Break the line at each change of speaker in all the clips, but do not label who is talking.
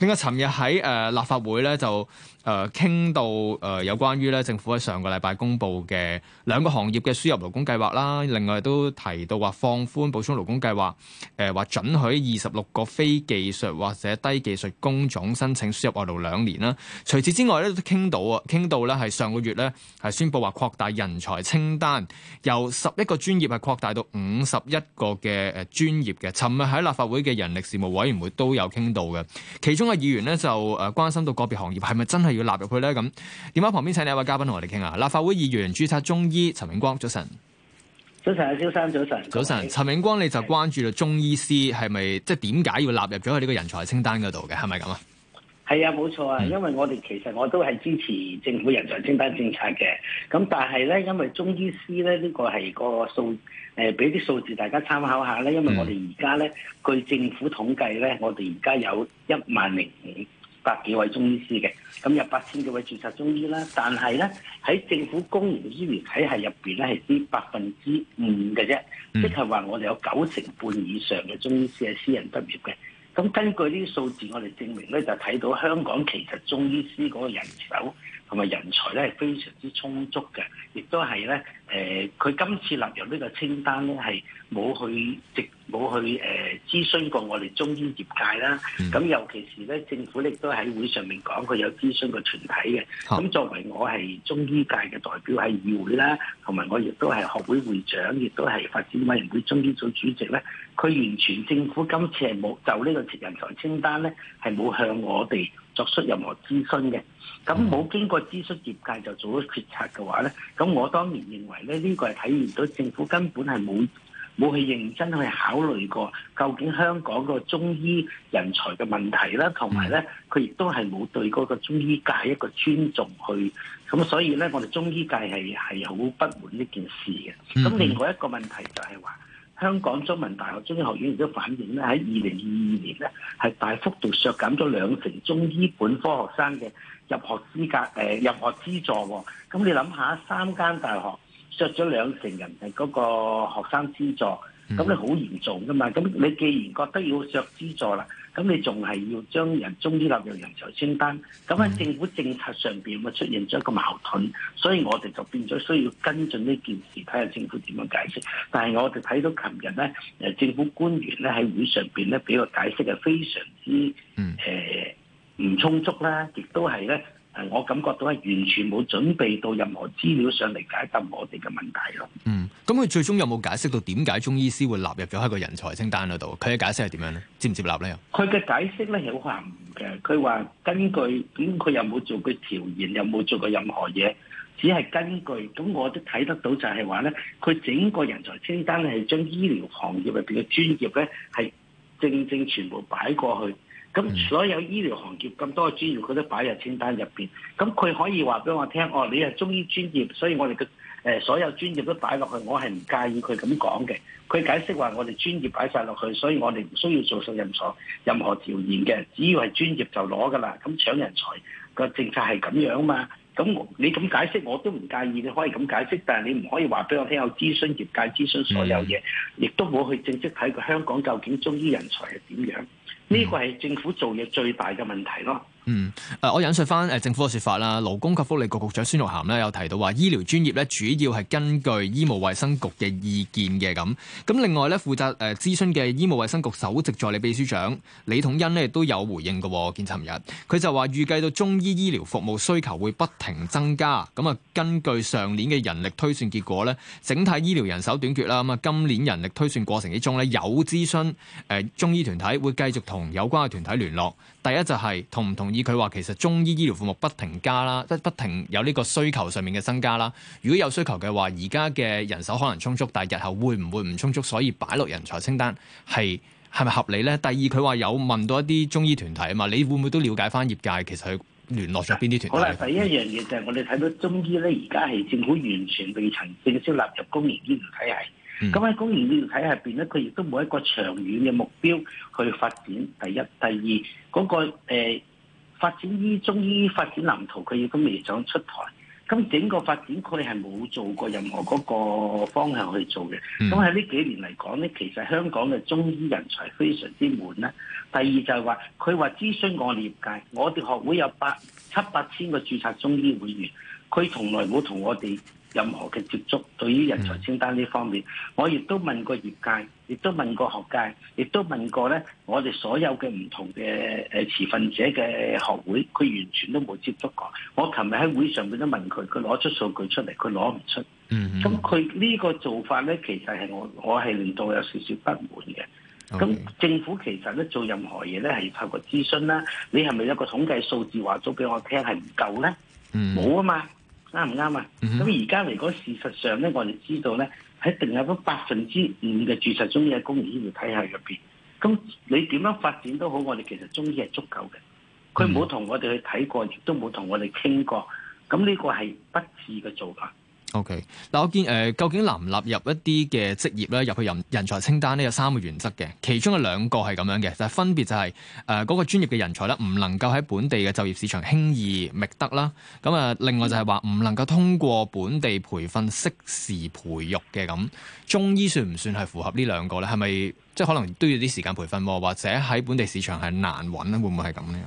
另外，尋日喺誒立法會咧，就誒傾、呃、到誒、呃、有關於咧政府喺上個禮拜公布嘅兩個行業嘅輸入勞工計劃啦。另外都提到話放寬補充勞工計劃，誒、呃、話准許二十六個非技術或者低技術工種申請輸入外勞兩年啦。除此之外咧，都傾到啊，傾到咧係上個月咧係宣布話擴大人才清單，由十一個專業係擴大到五十一個嘅誒專業嘅。尋日喺立法會嘅人力事務委員會都有傾到嘅。其中嘅議員咧就誒關心到個別行業係咪真係要納入去咧？咁電話旁邊請你一位嘉賓同我哋傾下。立法會議員註冊中醫陳永光，早晨。
早晨，阿蕭生，早晨。
早晨，陳永光，你就關注到中醫師係咪即係點解要納入咗去呢個人才清單嗰度嘅？係咪咁啊？係啊，
冇錯啊，因為我哋其實我都係支持政府人才清單政策嘅。咁但係咧，因為中醫師咧呢、呢個係個數。誒，俾啲數字大家參考下咧，因為我哋而家咧，據政府統計咧，嗯、我哋而家有一萬零五百幾位中醫師嘅，咁有八千幾位註冊中醫啦，但係咧喺政府公營嘅醫療體系入邊咧，係啲百分之五嘅啫，嗯、即係話我哋有九成半以上嘅中醫師係私人執業嘅。咁根據呢啲數字，我哋證明咧就睇到香港其實中醫師嗰個人手。同埋人才咧係非常之充足嘅，亦都係咧，誒、呃，佢今次立入呢個清單咧係冇去直冇去誒、呃、諮詢過我哋中醫業界啦。咁、嗯、尤其是咧，政府亦都喺會上面講佢有諮詢過團體嘅。咁作為我係中醫界嘅代表喺議會啦，同埋我亦都係學會會長，亦都係發展委員會中醫組主席咧，佢完全政府今次係冇就呢個接人才清單咧係冇向我哋作出任何諮詢嘅，咁冇經過諮詢業界就做咗決策嘅話咧，咁我當然認為咧，呢個係體現到政府根本係冇冇去認真去考慮過究竟香港個中醫人才嘅問題啦，同埋咧佢亦都係冇對嗰個中醫界一個尊重去，咁所以咧我哋中醫界係係好不滿呢件事嘅。咁另外一個問題就係話。香港中文大學中醫學，學院亦都反映咧，喺二零二二年咧，係大幅度削減咗兩成中醫本科學生嘅入學資格，誒、呃、入學資助、哦。咁你諗下，三間大學削咗兩成人嘅嗰個學生資助，咁你好嚴重㗎嘛？咁你既然覺得要削資助啦。咁你仲係要將人中醫納入人才清單，咁喺政府政策上邊咪出現咗一個矛盾，所以我哋就變咗需要跟進呢件事，睇下政府點樣解釋。但係我哋睇到琴日咧，誒政府官員咧喺會上邊咧，俾個解釋係非常之誒唔充足啦，亦都係咧，誒我感覺到係完全冇準備到任何
資料上嚟解答我哋嘅問題咯。嗯。咁佢最終有冇解釋到點解中醫師會納入咗喺個人才清單嗰度？佢嘅解釋係點樣咧？接唔接納咧？
佢嘅解釋咧有話唔嘅，佢話根據咁佢又冇做過調研，又冇做過任何嘢，只係根據。咁我都睇得到就係話咧，佢整個人才清單係將醫療行業入邊嘅專業咧，係正正全部擺過去。咁所有醫療行業咁多嘅專業，佢都擺入清單入邊。咁佢可以話俾我聽，哦，你係中醫專業，所以我哋嘅。誒所有專業都擺落去，我係唔介意佢咁講嘅。佢解釋話我哋專業擺晒落去，所以我哋唔需要做上任何任何調研嘅。只要係專業就攞㗎啦。咁搶人才個政策係咁樣啊嘛。咁你咁解釋我都唔介意，你可以咁解釋，但係你唔可以話俾我聽，有諮詢業界、諮詢所有嘢，亦都冇去正式睇過香港究竟中醫人才係點樣。呢個係政府做嘢最大嘅問題咯。
嗯，誒，我引述翻誒政府嘅説法啦。勞工及福利局局長孫玉涵菡咧有提到話，醫療專業咧主要係根據醫務衛生局嘅意見嘅咁。咁另外咧，負責誒諮詢嘅醫務衛生局首席助理秘書長李統恩咧，都有回應嘅。見尋日，佢就話預計到中醫醫療服務需求會不停增加。咁啊，根據上年嘅人力推算結果咧，整體醫療人手短缺啦。咁啊，今年人力推算過程之中咧，有諮詢誒中醫團體，會繼續同有關嘅團體聯絡。第一就係同唔同意佢話，他說其實中醫醫療服務不停加啦，即係不停有呢個需求上面嘅增加啦。如果有需求嘅話，而家嘅人手可能充足，但係日後會唔會唔充足？所以擺落人才清單係係咪合理咧？第二佢話有問到一啲中醫團體啊嘛，你會唔會都了解翻業界其實佢聯絡咗邊啲團體？好啦，第一樣嘢就
係我哋睇到中醫咧，而家係政府完全未曾正式納入公營醫療體系。咁喺、嗯、公營醫療體下邊咧，佢亦都冇一個長遠嘅目標去發展。第一、第二嗰、那個誒、呃、發展醫中醫發展藍圖，佢亦都未想出台。咁整個發展佢係冇做過任何嗰個方向去做嘅。咁喺呢幾年嚟講咧，其實香港嘅中醫人才非常之滿啦。第二就係、是、話，佢話諮詢我業界，我哋學會有八七八千個註冊中醫會員，佢從來冇同我哋。任何嘅接觸對於人才清單呢方面，mm hmm. 我亦都問過業界，亦都問過學界，亦都問過咧，我哋所有嘅唔同嘅誒持份者嘅學會，佢完全都冇接觸過。我琴日喺會上邊都問佢，佢攞出數據出嚟，佢攞唔出。咁佢呢個做法咧，其實係我我係令到有少少不滿嘅。咁 Okay. 政府其實咧做任何嘢咧，係透過諮詢啦。你係咪有個統計數字話咗俾我聽係唔夠咧？冇啊、mm hmm. 嘛。啱唔啱啊？咁而家嚟講，如果事實上咧，我哋知道咧，一定有個百分之五嘅註冊中醫喺公營醫療體系入邊。咁你點樣發展都好，我哋其實中醫係足夠嘅。佢冇同我哋去睇過，亦都冇同我哋傾過。咁呢個係不智嘅做法。
O K。嗱，okay，我見誒、呃，究竟納唔納入一啲嘅職業咧，入去人人才清單呢？有三個原則嘅，其中嘅兩個係咁樣嘅，就係、是、分別就係誒嗰個專業嘅人才咧，唔能夠喺本地嘅就業市場輕易覓得啦。咁啊，另外就係話唔能夠通過本地培訓適時培育嘅。咁，中醫算唔算係符合兩呢兩個咧？係咪即係可能都要啲時間培訓，或者喺本地市場係難揾呢？會唔會係咁呢？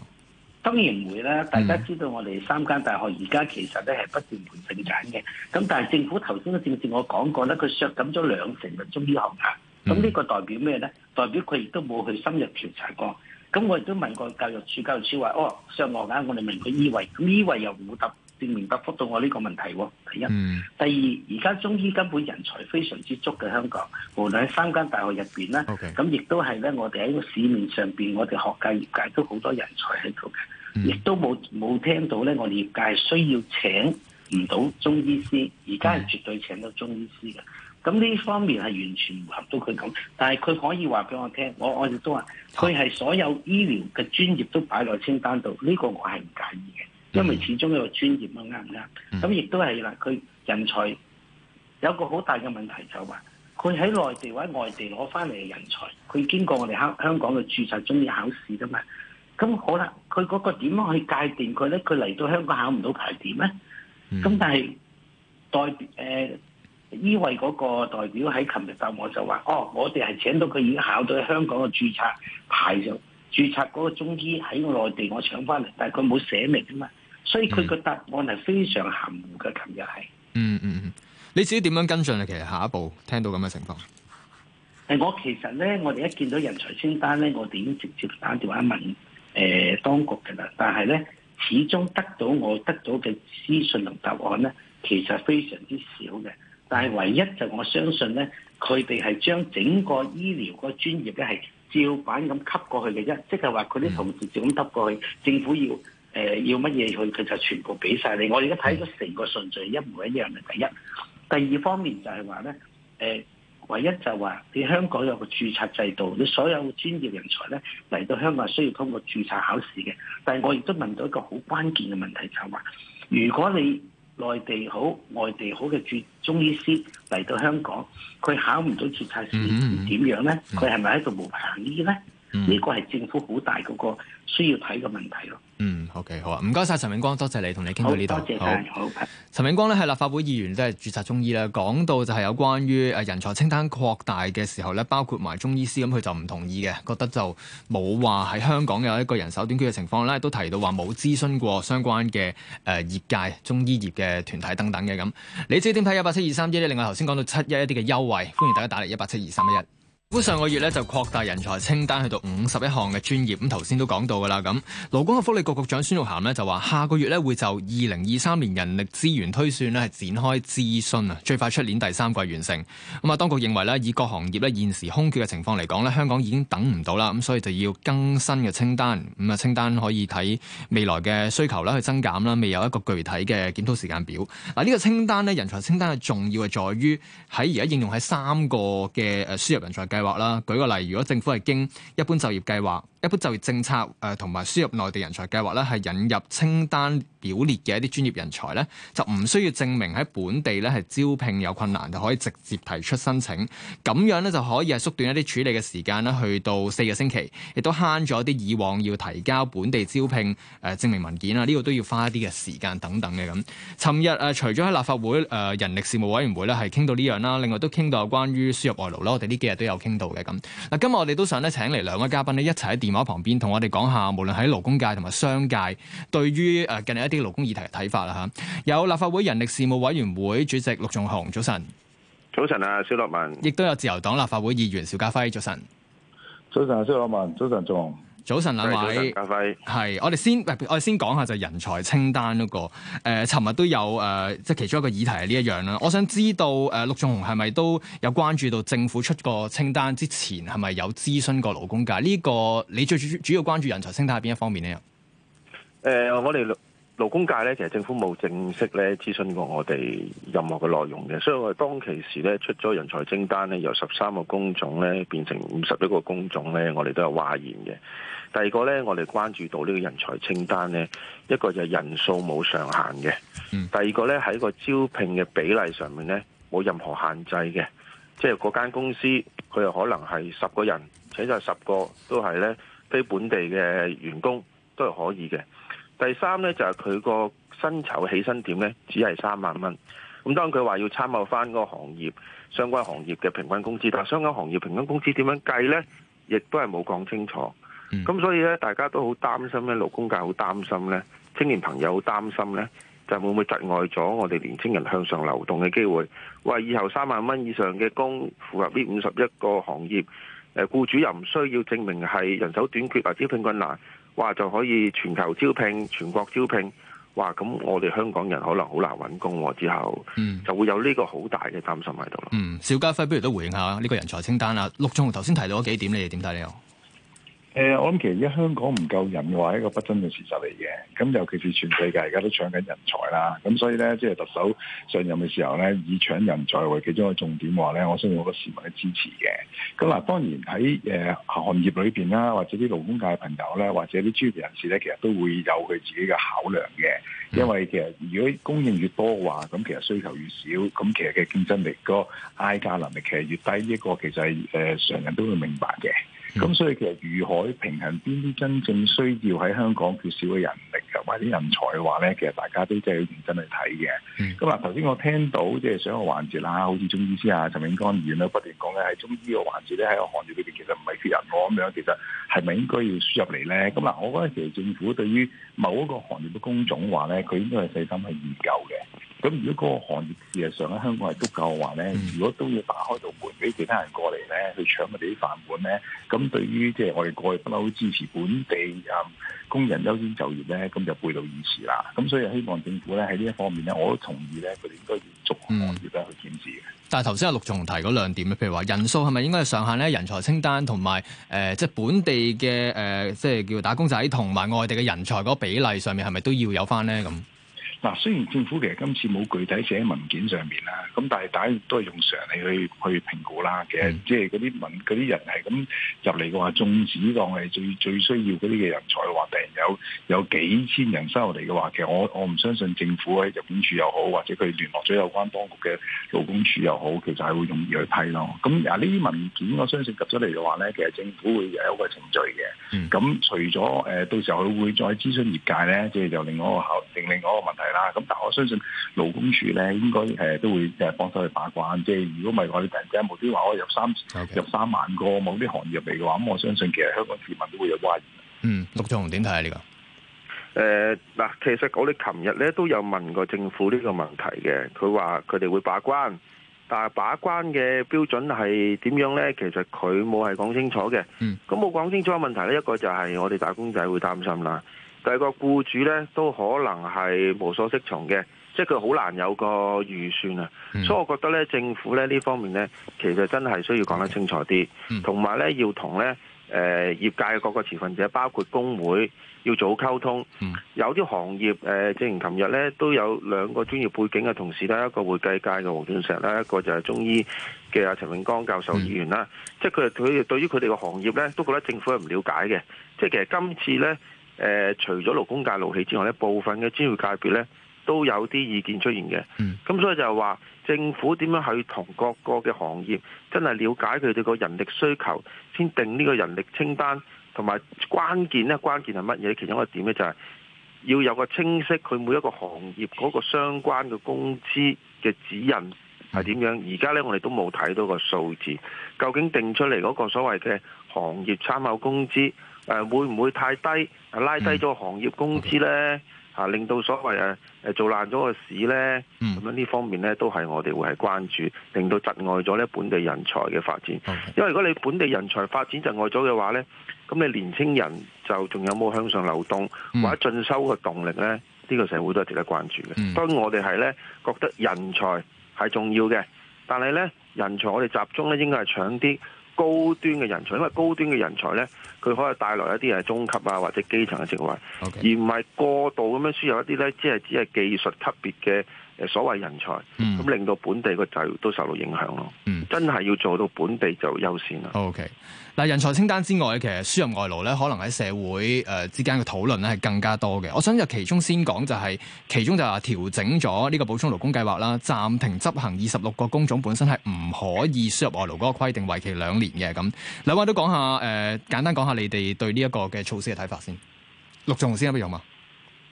當然唔會啦，大家知道我哋三間大學而家其實咧係不斷盤整緊嘅，咁但係政府頭先都正正我講過咧，佢削減咗兩成嘅中醫學額，咁呢個代表咩咧？代表佢亦都冇去深入調查過，咁我亦都問過教育處，教育處話：哦，上學啊，我哋問佢醫衛咁醫衛又唔得。正面答覆到我呢個問題喎，第一，第二，而家中醫根本人才非常之足嘅香港，無論喺三間大學入邊啦，咁亦 Okay. 都係咧，我哋喺個市面上邊，我哋學界業界都好多人才喺度嘅，亦都冇冇聽到咧，我哋業界需要請唔到中醫師，而家係絕對請到中醫師嘅，咁呢方面係完全唔合到佢，咁但係佢可以話俾我聽，我我哋都話佢係所有醫療嘅專業都擺落清單度，呢個我係唔介意嘅。因為始終有個專業啊，啱唔啱？咁亦、嗯、都係啦，佢人才有個好大嘅問題就係話、是，佢喺內地或者外地攞翻嚟嘅人才，佢經過我哋香香港嘅註冊中醫考試噶嘛？咁好啦，佢嗰個點樣去界定佢咧？佢嚟到香港考唔到牌點咧？咁但係、嗯、代誒醫衞嗰個代表喺琴日答我就話：哦，我哋係請到佢已經考到香港嘅註冊牌上，註冊嗰個中醫喺內地我搶翻嚟，但係佢冇寫明噶嘛？所以佢個答案係非常含糊嘅，琴日係。嗯嗯
嗯，你自己點樣跟進啊？其實下一步聽到咁嘅情況，
誒，我其實咧，我哋一見到人才清單咧，我哋已經直接打電話問誒、呃、當局嘅啦。但係咧，始終得到我得到嘅資訊同答案咧，其實係非常之少嘅。但係唯一就我相信咧，佢哋係將整個醫療個專業咧係照板咁吸過去嘅啫，即係話佢啲同事就咁吸過去，嗯、政府要。誒、呃、要乜嘢佢佢就全部俾晒你，我而家睇咗成個順序一模一樣。第一，第二方面就係話咧，唯一就話你香港有個註冊制度，你所有專業人才咧嚟到香港需要通過註冊考試嘅。但係我亦都問到一個好關鍵嘅問題，就係話，如果你內地好、外地好嘅中醫師嚟到香港，佢考唔到註冊試，點樣咧？佢係咪喺度無牌行醫咧？呢個係政府好大嗰個需要睇嘅問題咯。
嗯，OK，好啊，唔該晒陳永光，多謝，謝你同你傾到呢度好、嗯。好，陳永光咧係立法會議員，即係註冊中醫啦。講到就係有關於誒人才清單擴大嘅時候咧，包括埋中醫師咁，佢就唔同意嘅，覺得就冇話喺香港有一個人手短缺嘅情況咧，都提到話冇諮詢過相關嘅誒業界中醫業嘅團體等等嘅咁。你哋點睇？一八七二三一一，另外頭先講到七一一啲嘅優惠，歡迎大家打嚟一八七二三一一。上個月咧就擴大人才清單去到五十一項嘅專業，咁頭先都講到噶啦咁。勞工嘅福利局局長孫玉菡呢，就話，下個月咧會就二零二三年人力資源推算咧係展開諮詢啊，最快出年第三季完成。咁啊，當局認為咧以各行業咧現時空缺嘅情況嚟講咧，香港已經等唔到啦，咁所以就要更新嘅清單。咁啊，清單可以睇未來嘅需求啦，去增減啦，未有一個具體嘅檢討時間表。嗱，呢個清單咧，人才清單嘅重要係在於喺而家應用喺三個嘅誒輸入人才計計劃啦，舉個例，如果政府係經一般就業計劃，一般就業政策誒同埋輸入內地人才計劃咧，係引入清單表列嘅一啲專業人才咧，就唔需要證明喺本地咧係招聘有困難，就可以直接提出申請。咁樣咧就可以係縮短一啲處理嘅時間咧，去到四個星期，亦都慳咗啲以往要提交本地招聘誒證明文件啊，呢個都要花一啲嘅時間等等嘅咁。尋日誒除咗喺立法會誒人力事務委員會咧係傾到呢樣啦，另外都傾到有關於輸入外勞啦，我哋呢幾日都有傾到嘅咁。嗱今日我哋都想咧請嚟兩位嘉賓咧一齊。喺馬旁邊同我哋講下，無論喺勞工界同埋商界，對於誒近日一啲勞工議題嘅睇法啦吓。有立法會人力事務委員會主席陸頌雄，早晨。
早晨啊，蕭樂文。
亦都有自由黨立法會議員邵家輝，早晨。
早晨啊，蕭樂文。早晨，仲。
早晨，兩位。係我哋先，我哋先講一下就人才清單嗰、那個。誒、呃，尋日都有誒，即、呃、係其中一個議題係呢一樣啦。我想知道誒、呃，陸頌雄係咪都有關注到政府出個清單之前係咪有諮詢過勞工界？呢、這個你最主、主要關注人才清單係邊一方面呢？誒、
呃，我哋勞工界咧，其實政府冇正式咧諮詢過我哋任何嘅內容嘅，所以我哋當其時咧出咗人才清單咧，由十三個工種咧變成五十一個工種咧，我哋都有懷疑嘅。第二個咧，我哋關注到呢個人才清單咧，一個就係人數冇上限嘅；第二個咧，喺個招聘嘅比例上面咧冇任何限制嘅，即係嗰間公司佢又可能係十個人請晒十個都係咧非本地嘅員工都係可以嘅。第三咧就係佢個薪酬起薪點咧只係三萬蚊。咁當然佢話要參考返嗰個行業相關行業嘅平均工資，但係相關行業平均工資點樣計咧，亦都係冇講清楚。咁、嗯、所以咧，大家都好擔心咧，勞工界好擔心咧，青年朋友好擔心咧，就會唔會窒礙咗我哋年青人向上流動嘅機會？哇！以後三萬蚊以上嘅工符合呢五十一個行業，誒，僱主又唔需要證明係人手短缺或者招聘困難，哇！就可以全球招聘、全國招聘，哇！咁我哋香港人可能好難揾工之後，
就會有呢個好大嘅擔心喺度咯。嗯，邵家輝，不如都回應下呢個人才清單啦。陸頌雄頭先提到嗰幾點，你哋點睇咧？又？
誒、呃，我諗其實而家香港唔夠人嘅話，一個不爭嘅事實嚟嘅。咁尤其是全世界而家都在搶緊人才啦，咁所以咧，即係特首上任嘅時候咧，以搶人才為其中一個重點話咧，我相信好多市民都支持嘅。咁嗱、啊，當然喺、呃、行業裏面啦，或者啲勞工界嘅朋友咧，或者啲專業人士咧，其實都會有佢自己嘅考量嘅。因為其實如果供應越多嘅話，咁其實需求越少，咁其實嘅競爭力個嗌價能力其實越低，呢、這個其實係、呃、常人都會明白嘅。咁 所以其實如何平衡邊啲真正需要喺香港缺少嘅人力，或者人才嘅話咧，其實大家都真係要認真去睇嘅。咁嗱，頭 先樂我聽到即係上個環節啦，好似中醫師啊、陳永光議員啦，不斷講咧喺中醫個環節咧喺個行業裏邊其實唔係缺人喎咁樣，其實係咪應該要輸入嚟咧？咁嗱，我覺得其實政府對於某一個行業嘅工種話咧，佢應該係細心去研究嘅。咁如果嗰個行業事實上喺香港係足夠嘅話咧，如果都要打開道門俾其他人過嚟咧，去搶佢哋啲飯碗咧，咁對於即係我哋，我哋過去不嬲支持本地、嗯、工人優先就業咧，咁就背道而馳啦。咁所以希望政府咧喺呢一方面咧，我都同意咧，佢哋應該要逐個行業去檢視、
嗯、但係頭先阿陸總提嗰兩點咧，譬如話人數係咪應該係上限咧？人才清單同埋誒，即係本地嘅誒、呃，即係叫打工仔同埋外地嘅人才嗰比例上面係咪都要有翻咧？咁，嗱，雖然政府其實今次冇具體寫喺文件上面
啦，咁但係大家都係用常理去去評估啦嘅，即係嗰啲文啲人係咁入嚟嘅話，縱使當係最最需要嗰啲嘅人才或突然有，有幾千人收入嚟嘅話，其實我我唔相信政府喺入境處又好，或者佢聯絡咗有關當局嘅勞工處又好，其實係會容易去批咯。咁嗱，呢啲文件我相信及咗嚟嘅話咧，其實政府會有一個程序嘅。咁、嗯、除咗誒，到時候佢會再諮詢業界咧，即係就另外一個另另外一個問題。啦，咁但係我相信勞工處咧，應該誒都會誒幫手去把關。即係如果唔係我哋突然間冇啲話我入三 Okay. 入三萬個
某啲行業入嚟嘅話，咁我相信其實香港市民都會有懷疑。
嗯，陸頌雄點睇啊？呢個
誒嗱，其實我哋琴日咧都有問過政府呢個問題嘅。佢話佢哋會把關，但係把關嘅標準係點樣咧？其實佢冇係講清楚嘅。咁冇講清楚嘅問題咧，一個就係我哋打工仔會擔心啦。第二個僱主咧都可能係無所適從嘅，即係佢好難有個預算啊。嗯、所以，我覺得咧，政府咧呢方面咧，其實真係需要講得清楚啲，同埋咧要同咧誒業界嘅各個持份者，包括工會，要做好溝通。嗯、有啲行業誒，正如琴日咧都有兩個專業背景嘅同事呢，一個會計界嘅黃俊石啦，一個就係中醫嘅阿陳永光教授議員啦。嗯、即係佢佢哋對於佢哋嘅行業咧，都覺得政府係唔了解嘅。即係其實今次咧。呃、除咗勞工界、勞器之外部分嘅專業界別呢都有啲意見出現嘅。咁、嗯、所以就係話，政府點樣去同各個嘅行業真係了解佢哋個人力需求，先定呢個人力清單。同埋關鍵呢，關鍵係乜嘢？其中一個點呢、就係，就係要有個清晰，佢每一個行業嗰個相關嘅工資嘅指引係點樣。而家、嗯、呢，我哋都冇睇到個數字，究竟定出嚟嗰個所謂嘅行業參考工資？誒、啊、會唔會太低？拉低咗行業工資呢，Okay. 啊、令到所謂誒、啊、做爛咗個市呢。咁樣呢方面呢，都係我哋會係關注，令到窒礙咗呢本地人才嘅發展。Okay. 因為如果你本地人才發展窒礙咗嘅話呢，咁你年青人就仲有冇向上流動、嗯、或者進修嘅動力呢？呢、這個社會都係值得關注嘅。當、嗯、我哋係呢，覺得人才係重要嘅，但係呢，人才我哋集中呢應該係搶啲。高端嘅人才，因為高端嘅人才咧，佢可以帶來一啲係中級啊或者基層嘅職位，Okay. 而唔係過度咁樣輸入一啲咧，即係只係技術級別嘅所謂人才，咁令到本地個就業都受到影響咯。嗯，真係要做到本地就優先啦。
O K. 嗱，人才清單之外，其實輸入外勞咧，可能喺社會誒之間嘅討論咧係更加多嘅。我想就其中先講，就係，就係其中就話調整咗呢個補充勞工計劃啦，暫停執行二十六個工種本身係唔可以輸入外勞嗰個規定，為期兩年嘅。咁兩位都講下誒，簡單講下你哋對呢一個嘅措施嘅睇法先。陸頌雄先，有乜用啊？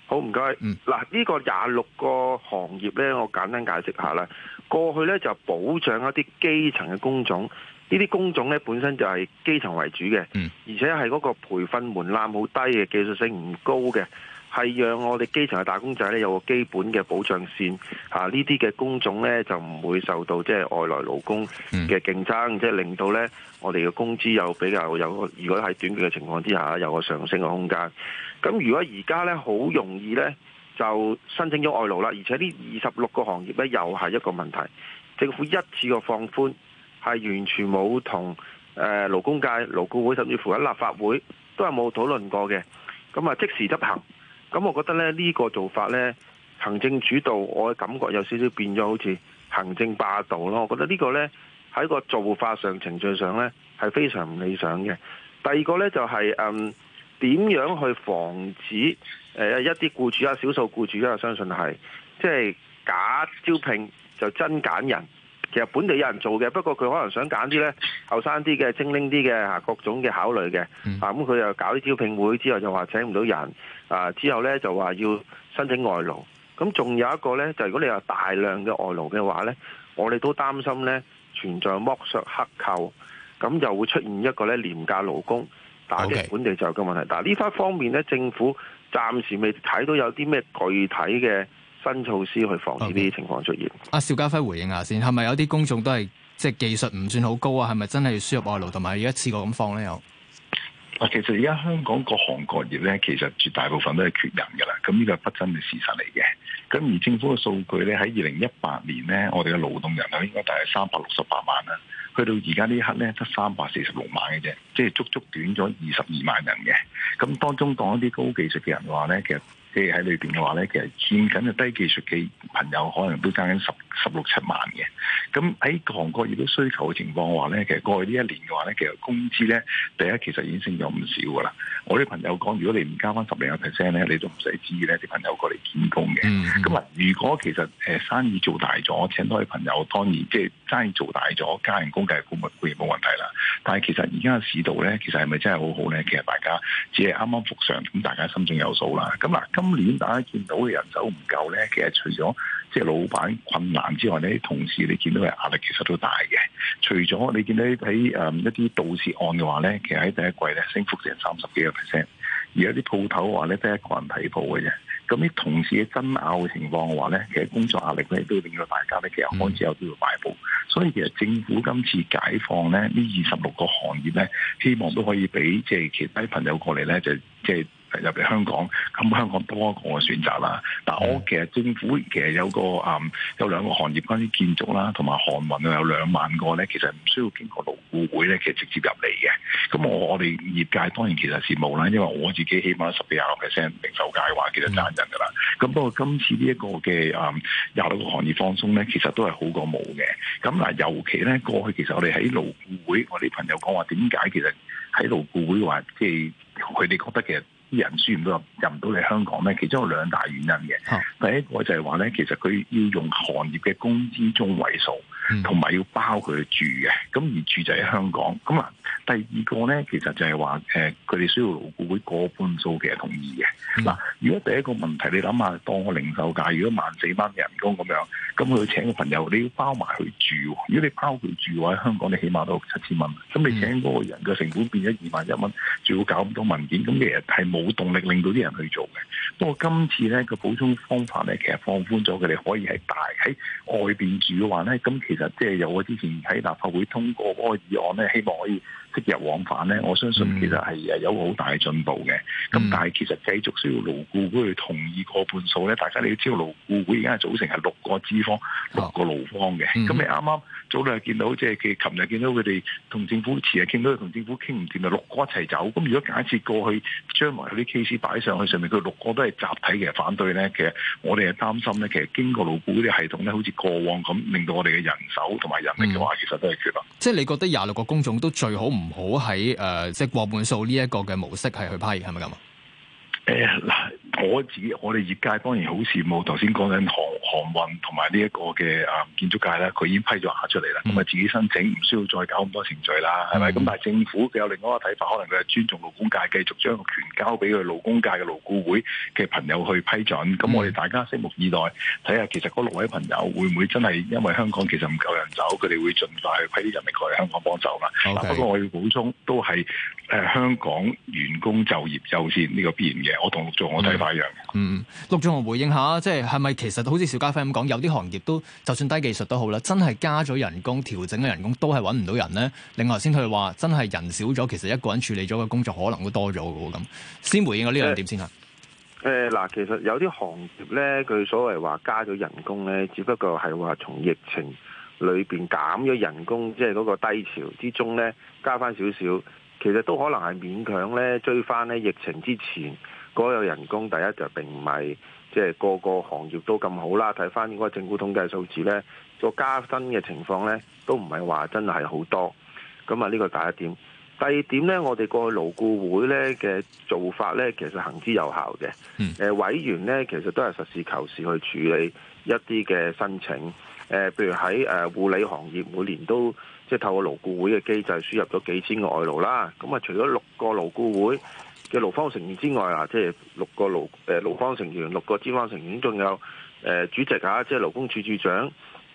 好唔該。嗯，嗱，呢個廿六個行業咧，我簡單解釋下啦。過去咧就保障一啲基層嘅工種，呢啲工種咧本身就係基層為主嘅，而且係嗰個培訓門檻好低嘅，技術性唔高嘅。係讓我哋基層嘅打工仔咧有個基本嘅保障線，吓呢啲嘅工種咧就唔會受到即係、就是、外來勞工嘅競爭，即、就、係、是、令到咧我哋嘅工資又比較有，如果喺短缺嘅情況之下，有個上升嘅空間。咁如果而家咧好容易咧就申請咗外勞啦，而且呢二十六個行業咧又係一個問題，政府一次個放寬係完全冇同誒勞工界、勞顧會甚至乎喺立法會都係冇討論過嘅，咁啊即時執行。咁我覺得咧呢、呢個做法呢，行政主導，我嘅感覺有少少變咗，好似行政霸道咯。我覺得呢個呢喺個做法上、程序上呢，係非常唔理想嘅。第二個呢，就係、係、嗯點樣去防止誒、呃、一啲僱主啊、少數僱主啊，相信係即係假招聘就真揀人。其實本地有人做嘅，不過佢可能想揀啲呢後生啲嘅、精靈啲嘅各種嘅考慮嘅，咁佢又搞啲招聘會，之後就話請唔到人，啊之後呢就話要申請外勞。咁仲有一個呢，就如果你有大量嘅外勞嘅話呢，我哋都擔心呢存在剝削剋扣，咁又會出現一個呢廉價勞工打擊本地就業嘅問題。但呢 Okay. 方面呢，政府暫時未睇到有啲咩具體嘅。新措施去防止呢啲情況出現。
阿、okay. 邵家輝回應下先，係咪有啲公眾都係即係技術唔算好高啊？係咪真係要輸入外勞同埋要一次過咁放呢？有
啊，其實而家香港各行各業呢，其實絕大部分都係缺人噶啦。咁呢個係不爭嘅事實嚟嘅。咁而政府嘅數據呢，喺二零一八年呢，我哋嘅勞動人口應該大概三百六十八萬啦。去到而家呢一刻呢，得三百四十六萬嘅啫，即係足足短咗二十二萬人嘅。咁當中當一啲高技術嘅人話呢。其實。即係喺裏邊嘅話咧，其實欠緊嘅低技術嘅朋友可能都爭緊十十六七萬嘅。咁喺韓國亦都需求嘅情況嘅話咧，其實過去呢一年嘅話咧，其實工資咧，第一其實已經升咗唔少噶啦。我啲朋友講，如果你唔加翻十零個 percent 咧，你都唔使指意咧啲朋友過嚟見工嘅。咁嗱、mm hmm.，如果其實誒生意做大咗，請多啲朋友，當然即係生意做大咗加人工計工務固然冇問題啦。但係其實而家市道咧，其實係咪真係好好咧？其實大家只係啱啱復常，咁大家心中有數啦。咁嗱。今年大家見到嘅人手唔夠咧，其實除咗即係老闆困難之外咧，啲同事你見到嘅壓力其實都大嘅。除咗你見到喺誒一啲盜竊案嘅話咧，其實喺第一季咧升幅成三十幾個 percent。而家有啲鋪頭話咧，得一個人睇鋪嘅啫。咁啲同事嘅爭拗嘅情況嘅話咧，其實工作壓力咧都令到大家咧其實開始有啲嘅擺佈。嗯、所以其實政府今次解放咧呢二十六個行業咧，希望都可以俾即係其他朋友過嚟咧就即係。入嚟香港，咁香港多一個選擇啦。但我其實政府其實有個誒有兩個行業關於建築啦，同埋航運啊，有兩萬個呢。其實唔需要經過勞顧會呢，其實直接入嚟嘅。咁我我哋業界當然其實羨慕啦，因為我自己起碼十幾廿六 percent 零售界話其實擔人㗎啦。咁不過今次呢一個嘅誒廿六個行業放鬆呢，其實都係好過冇嘅。咁嗱，尤其呢過去其實我哋喺勞顧會，我哋朋友講話點解其實喺勞顧會話即係佢哋覺得其實。啲人輸唔到入唔到嚟香港咧，其中有兩大原因嘅。第一個就係話咧，其實佢要用行業嘅工資中位數。同埋、嗯、要包佢住嘅，咁而住就喺香港。咁啊，第二個咧，其實就係話佢哋需要勞工會過半數嘅同意嘅。嗱、嗯，如果第一個問題你諗下，當我零售價如果萬四蚊人工咁樣，咁佢請個朋友，你要包埋佢住。如果你包佢住喎，喺香港，你起碼都六七千蚊。咁你請嗰個人嘅成本變咗二萬一蚊，仲要搞咁多文件，咁其實係冇動力令到啲人去做嘅。不過今次咧，個補充方法咧，其實放寬咗，佢哋可以係大喺外邊住嘅話咧，咁其即係由我之前喺立法會通過嗰個議案咧，希望可以即日往返咧，我相信其實係有個好大嘅進步嘅。咁、mm hmm. 但係其實繼續需要勞顧會同意過半數咧，大家你要知道勞顧會而家係組成係六個資方，六個勞方嘅，咁、oh. mm hmm. 你啱啱。早日見到，即係佢琴日見到佢哋同政府遲日傾到，同政府傾唔掂就六個一齊走。咁如果假設過去將埋佢啲 case 擺上去上面，佢六個都係集體嘅反對咧，其實我哋係擔心咧。其實經過勞顧會嗰啲系統咧，好似過往咁，令到我哋嘅人手同埋人力嘅話，其實都係缺乏啊、嗯。
即係你覺得廿六個工種都最好唔好喺誒，即係過半數呢一個嘅模式係去批，係咪咁啊？誒嗱、欸，
我自己我哋業界當然好羨慕頭先講緊航運同埋呢一個嘅啊建築界咧，佢已經批咗下出嚟啦，咁啊、嗯、自己申請唔需要再搞咁多程序啦，係咪？咁、嗯、但係政府佢有另外一個睇法，可能佢係尊重勞工界，繼續將個權交俾佢勞工界嘅勞顧會嘅朋友去批准。咁、嗯、我哋大家拭目以待，睇下其實嗰六位朋友會唔會真係因為香港其實唔夠人走，佢哋會盡快去批啲人力過嚟香港幫手啦。Okay, 不過我要補充，都係誒香港員工就業優先呢個必然嘅。我同陸總我睇法一
樣。嗯，陸總我回應下，即係係咪其實好似家輝咁講，有啲行業都就算低技術都好啦，真係加咗人工、調整嘅人工都係揾唔到人呢。另外先佢話，真係人少咗，其實一個人處理咗嘅工作可能會多咗喎。咁先回應下呢兩點先嚇。誒
嗱，其實有啲行業呢，佢所謂話加咗人工呢，只不過係話從疫情裏邊減咗人工，即係嗰個低潮之中呢，加翻少少，其實都可能係勉強呢，追翻呢疫情之前嗰個人工。第一就並唔係。即係個個行業都咁好啦，睇翻嗰個政府統計數字咧，個加薪嘅情況咧都唔係話真係好多，咁啊呢個第一點。第二點咧，我哋過去勞顧會咧嘅做法咧，其實行之有效嘅、嗯呃。委員咧，其實都係實事求是去處理一啲嘅申請。誒、呃，譬如喺誒、呃、護理行業，每年都。即係透過勞顧會嘅機制輸入咗幾千個外勞啦，咁啊除咗六個勞顧會嘅勞方成員之外啊，即係六個勞誒、呃、勞方成員、六個資方成員，仲有誒、呃、主席啊，即係勞工處處長，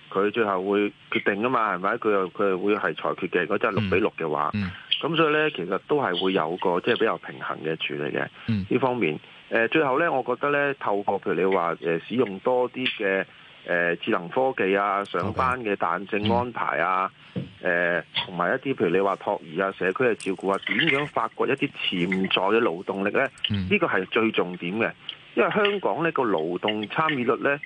佢最後會決定㗎嘛，係咪？佢又佢又會係裁決嘅，嗰陣六比六嘅話，咁、mm. 所以咧其實都係會有個即係、就是、比較平衡嘅處理嘅呢、mm. 方面。誒、呃、最後咧，我覺得咧透過譬如你話誒、呃、使用多啲嘅誒智能科技啊，上班嘅彈性安排啊。Okay. Mm. 誒同埋一啲譬如你話托兒啊、社區嘅照顧啊，點樣發掘一啲潛在嘅勞動力咧？呢個係最重點嘅，因為香港呢個勞動參與率咧，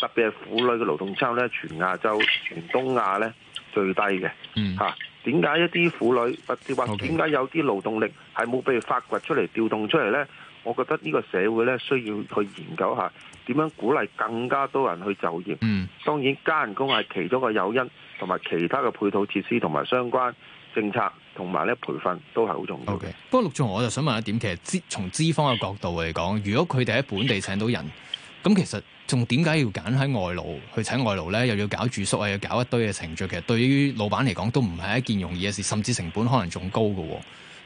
特別係婦女嘅勞動參與咧，全亞洲、全東亞咧最低嘅嚇。點解一啲婦女或者點解有啲勞動力係冇被發掘出嚟、調動出嚟咧？我覺得呢個社會咧需要去研究一下點樣鼓勵更加多人去就業。嗯、當然加人工係其中個誘因同埋其他嘅配套設施，同埋相關政策，同埋咧培訓都係好重要。Okay.
不過陸頌雄，我就想問一點，其實從資方嘅角度嚟講，如果佢哋喺本地請到人，咁其實仲點解要揀喺外勞去請外勞咧？又要搞住宿啊，又要搞一堆嘅程序，其實對於老闆嚟講都唔係一件容易嘅事，甚至成本可能仲高嘅。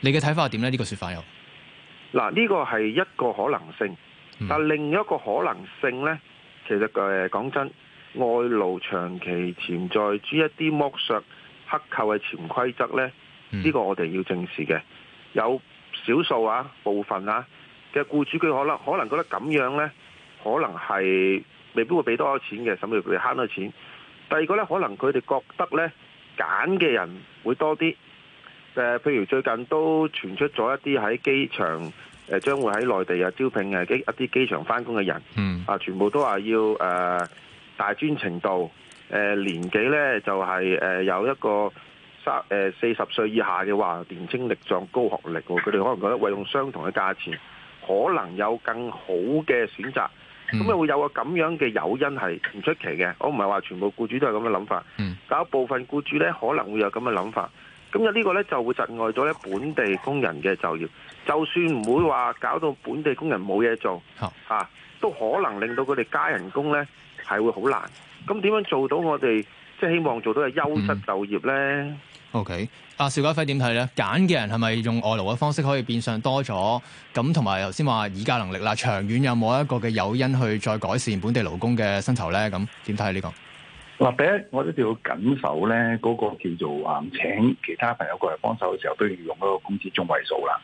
你嘅睇法係點咧？呢、這個說法又
嗱，呢個係一個可能性，但另一個可能性咧，其實誒講真的。外勞長期潛在住一啲剝削、克扣嘅潛規則呢，呢、呢個我哋要正視嘅。有少數啊、部分啊嘅僱主，佢可能可能覺得咁樣呢，可能係未必會俾多咗錢嘅，甚至佢哋慳咗錢。第二個呢，可能佢哋覺得呢，揀嘅人會多啲、呃。譬如最近都傳出咗一啲喺機場、呃、將會喺內地啊招聘嘅一啲機場返工嘅人，啊、嗯，全部都話要、呃大專程度，誒、呃、年紀呢就係、是、誒、呃、有一個三四十歲以下嘅話，年青力壯、高學歷，佢哋可能覺得為用相同嘅價錢，可能有更好嘅選擇，咁、嗯、又會有個咁樣嘅誘因係唔出奇嘅。我唔係話全部僱主都係咁嘅諗法，嗯、但有部分僱主呢可能會有咁嘅諗法，咁啊呢個呢，就會窒礙咗咧本地工人嘅就業。就算唔會話搞到本地工人冇嘢做嚇都可能令到佢哋加人工呢。係會好難，咁點樣做到我哋即係希望做到嘅優質就業咧？嗯
，OK，阿邵家輝點睇咧？揀嘅人係咪用外勞嘅方式可以變相多咗？咁同埋頭先話議價能力啦，長遠有冇一個嘅誘因去再改善本地勞工嘅薪酬咧？咁點睇呢個？
嗱，第一我哋就要謹守咧，嗰個叫做啊，請其他朋友過嚟幫手嘅時候，都要用嗰個工資中位數啦。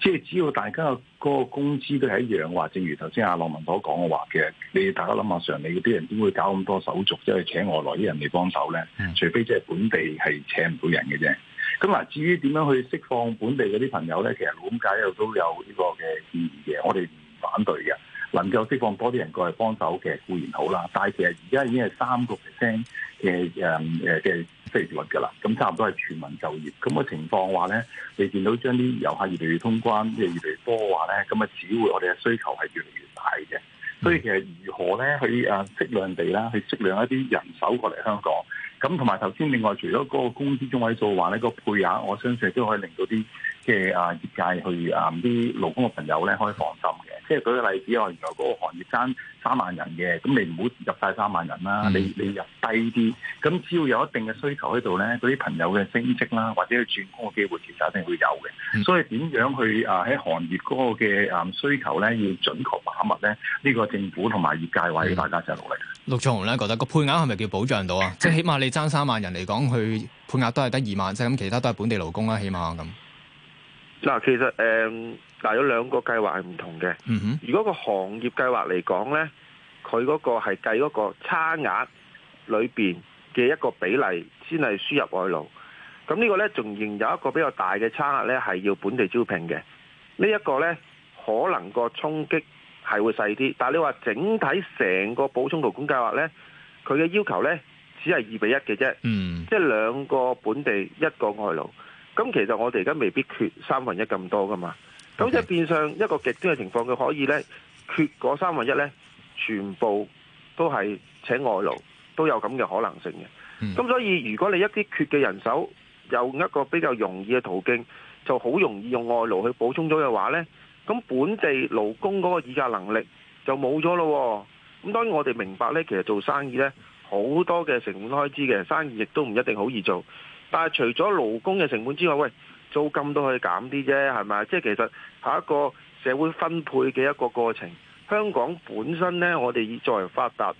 即係只要大家嗰個工資都係一樣嘅話，正如頭先阿羅文所講嘅話嘅，你大家諗下常理嗰啲人點會搞咁多手續，即係請外來啲人嚟幫手咧？嗯、除非即係本地係請唔到人嘅啫。咁嗱，至於點樣去釋放本地嗰啲朋友咧，其實勞工界又都有呢個嘅建議嘅，我哋唔反對嘅，能夠釋放多啲人過嚟幫手嘅固然好啦。但係其實而家已經係三個 percent 嘅人嘅。非移民㗎啦，咁 差唔多係全民就業，咁嘅情況話咧，你見到將啲遊客越嚟越通關，越嚟越多話咧，咁啊，只會我哋嘅需求係越嚟越大嘅，所以其實如何咧去啊適量地啦，去適量一啲人手過嚟香港，咁同埋頭先另外除咗嗰個工資中位數話咧，個配額我相信都可以令到啲。嘅啊，業界去啊，啲勞工嘅朋友咧可以放心嘅。即係舉個例子，我原來嗰個行業爭三萬人嘅，咁你唔好入晒三萬人啦，你你入低啲，咁只要有一定嘅需求喺度咧，嗰啲朋友嘅升職啦，或者去轉工嘅機會其實一定會有嘅。嗯、所以點樣去啊？喺行業嗰個嘅啊需求咧，要準確把握咧，呢、呢個政府同埋業界話、嗯、大家就一齊努力。
陸頌雄咧覺得個配額係咪叫保障到啊？ 即係起碼你爭三萬人嚟講，去配額都係得二萬，即咁，其他都係本地勞工啦，起碼咁。
嗱，其實誒，嗱、呃、有兩個計劃係唔同嘅。如果個行業計劃嚟講呢，佢嗰個係計嗰個差額裏面嘅一個比例先係輸入外勞。咁呢個呢，仍然有一個比較大嘅差額呢係要本地招聘嘅。呢、這、一個呢，可能個衝擊係會細啲。但係你話整體成個補充勞工計劃呢，佢嘅要求呢，只係二比一嘅啫。嗯，即係兩個本地一個外勞。咁其實我哋而家未必缺三分一咁多噶嘛，咁 Okay. 即係變相一個極端嘅情況，佢可以咧缺嗰三分一咧，全部都係請外勞，都有咁嘅可能性嘅。咁、mm. 所以如果你一啲缺嘅人手有一個比較容易嘅途徑，就好容易用外勞去補充咗嘅話咧，咁本地勞工嗰個議價能力就冇咗咯。咁當然我哋明白咧，其實做生意咧好多嘅成本開支嘅，生意亦都唔一定好易做。但係除咗勞工嘅成本之外，喂，租金都可以減啲啫，係咪？即係其實係一個社會分配嘅一個過程。香港本身呢，我哋作為發達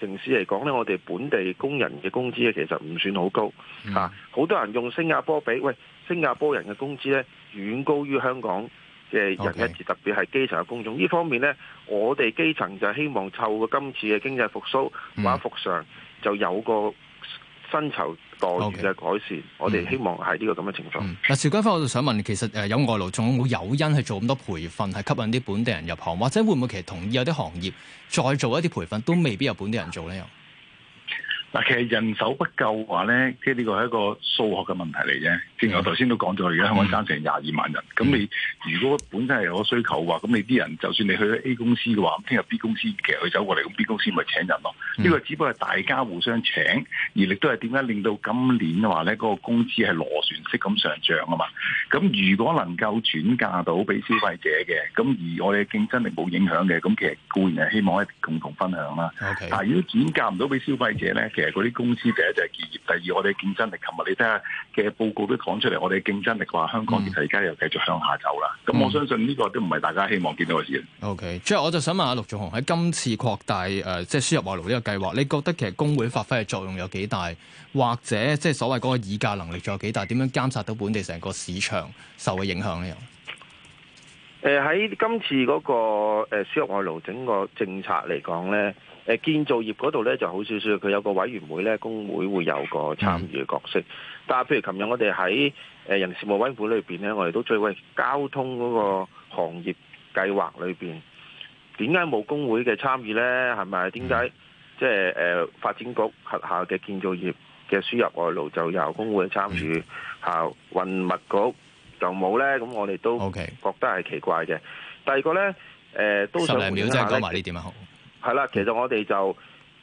城市嚟講呢，我哋本地工人嘅工資其實唔算好高嚇。好、嗯、多人用新加坡比，喂，新加坡人嘅工資呢，遠高於香港嘅人一截，Okay. 特別係基層嘅工種。呢方面呢，我哋基層就希望透過今次嘅經濟復甦，話復常就有個薪酬待遇嘅改善，Okay. 我哋希望係呢個咁嘅情況。
嗱、嗯，邵家輝，我就想問，其實誒有外勞仲有冇誘因去做咁多培訓，係吸引啲本地人入行，或者會唔會其實同意有啲行業再做一啲培訓，都未必有本地人做呢？又？
嗱，其實人手不夠話咧，即係呢個係一個數學嘅問題嚟啫。正如我頭先都講咗，而家香港爭成廿二萬人，咁、嗯、你如果本身係有個需求話，咁你啲人就算你去咗 A 公司嘅話，咁聽日 B 公司其實佢走過嚟，咁 B 公司咪請人咯。呢個、嗯、只不過係大家互相請，而亦都係點解令到今年嘅話咧，嗰、嗰個工資係螺旋式咁上漲啊嘛。咁如果能夠轉嫁到俾消費者嘅，咁而我哋競爭力冇影響嘅，咁其實固然係希望一共同分享啦。Okay. 但係如果轉嫁唔到俾消費者咧，嗰啲公司第一就係結業，第二我哋嘅競爭力，琴日，你睇下嘅報告都講出嚟，我哋嘅競爭力話香港其實而家又繼續向下走啦。咁、mm. 我相信呢個都唔係大家希望見到嘅
事。OK，即係我就想問下陸頌雄，喺今次擴大誒，即係輸入外勞呢個計劃，你覺得其實工會發揮嘅作用有幾大，或者即係所謂嗰個議價能力仲有幾大？點樣監察到本地成個市場受嘅影響呢？又
誒、呃，喺今次嗰個誒輸入外勞整個政策嚟講咧。誒建造業嗰度咧就好少少，佢有個委員會咧，工會會有個參與嘅角色。嗯、但係譬如琴日我哋喺人事務委員會裏面咧，我哋都追問交通嗰個行業計劃裏面，點解冇工會嘅參與咧？係咪點解即係誒發展局轄下嘅建造業嘅輸入外勞就由工會參與，下、嗯啊、運物局就冇咧？咁我哋都 Okay. 覺得係奇怪嘅。第二個咧，誒、呃、都想回一下好。係啦，其實我哋就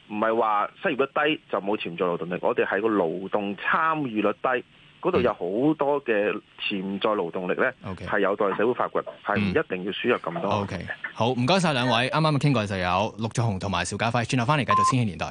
唔係話失業率低就冇潛在勞動力，我哋係個勞動參與率低，嗰度有好多嘅潛在勞動力咧，係 Okay. 有待社會發掘，係唔一定要輸入咁多。O、okay. K，
好，唔該晒兩位，啱啱嘅傾過就有陸頌雄同埋邵家輝，轉頭翻嚟繼續《千禧年代》。